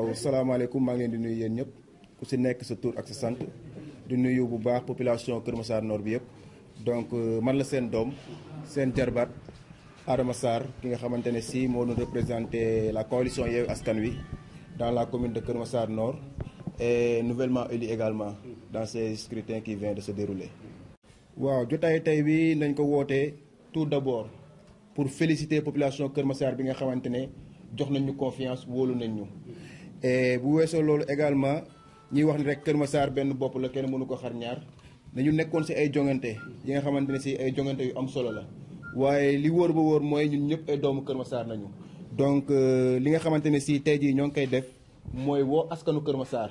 waaw salaamaaleykum ma ngi leen di nuyu yéen ñëpp ku ci nekk sa tour ak sa sant di nuyu bu baax population keur Massar Nord bi yëpp donc euh, man la sen dom sen jarbaat Adama sar ki nga xamantene si mo doon représenté la coalition yew Askan Wi dans la commune de keur Massar Nord et nouvellement élu également dans ces scrutins qui vient de se dérouler. waaw jotaay tay bi nañ ko wootee tout d'abord pour féliciter population keur Massar bi nga xamantene jox nañ ñu confiance wolu nañ ñu. bu weesoo loolu également ñuy wax ni rek Kër ma saar benn bopp la kenn mënu ko xarñaar ñaar dañu nekkoon si ay jongante yi nga xamante ne si ay jongante yu am solo la waaye li wóor ba wóor mooy ñun ñëpp ay doomu Kër ma saar nañu donc euh, li nga xamante ne si tey jii ñoo ngi koy def mooy woo askanu Kër ma saar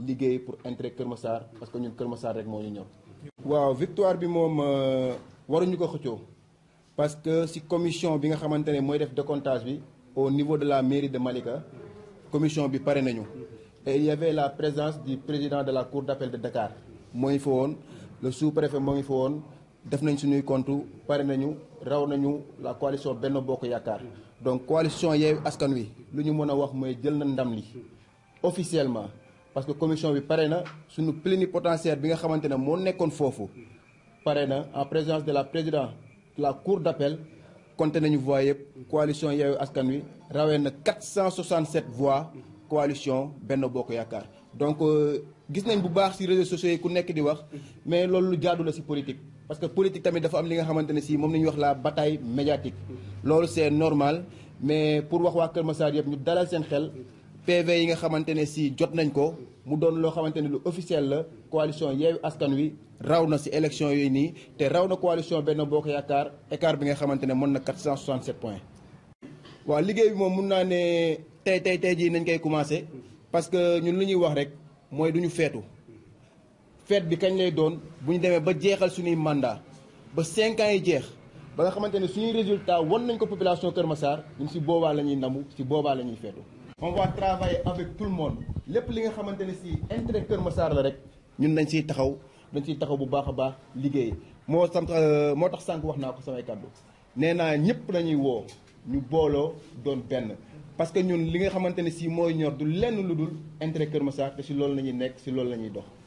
liggéey pour entrer Kër Massar parce que ñun Kër Massar rek moo ñu ñor. waaw victoire bi moom euh, waruñu ko parce que si commission bi nga xamantene moy def décomptage bi au niveau de la mairie de Malika commission bi paré nañu. et il y avait la présence du président de la cour d'appel de Dakar moy le sous-préfet moo ngi fa def nañ suñuy compte paré nañu raw nañu la coalition Benno Bokk yakar donc coalition Yewwi Askan Wi lu ñu mën wax moy jël na ndam li officiellement parce que commission bi pare na suñu plénipotentiaire bi nga xamante ne moo nekkoon foofu pare en présence de la présidente de la cour d'appel compte nañu voix yëpp coalition Yewwi Askan Wi rawee na 467 voix coalition Benno Boko Yakar. donc euh, gis nañ bu baax ci réseaux sociaux yi ku nekk di wax mais loolu lu jaadu la ci politique parce que politique tamit dafa am li nga xamante ne ci moom la wax la bataille médiatique loolu c'est normal mais pour wax waa Kër Massar yëpp ñu dalal seen xel PV yi nga xamante ne si jot nañ ko mu doon loo xamante ne lu officiel la coalition Yewwi Askan Wi raw na si élection yooyu nii te raw na coalition Benno Bokk Yaakaar écart bi nga xamante ne mën na 467 points. waaw liggéey bi moom mun naa ne tey tey tey jii nañ koy commencé parce que ñun lu ñuy wax rek mooy du ñu feetu feet bi kañ lay doon bu ñu demee ba jeexal suñuy mandat ba 5 yi jeex. ba nga xamante ne suñuy résultat wan nañ ko population Kër Massar ñun si boobaa la ñuy namu si boobaa la ñuy feetu on va travailler avec tout le monde Lepp li nga xamanteni ne si intérêt Kër Massar la rek ñun dañ ci taxaw dañ ci taxaw bu baaxa baax liggéey Mo sam euh, moo tax sànq wax naa ko samay cadeau. Néna ñepp ñëpp lañuy woo ñu bolo doon ben parce que ñun li nga xamanteni ne si mooy ñor du lenn ludul dul intérêt Kër Massar te si loolu lañuy nekk si loolu lañuy ñuy dox.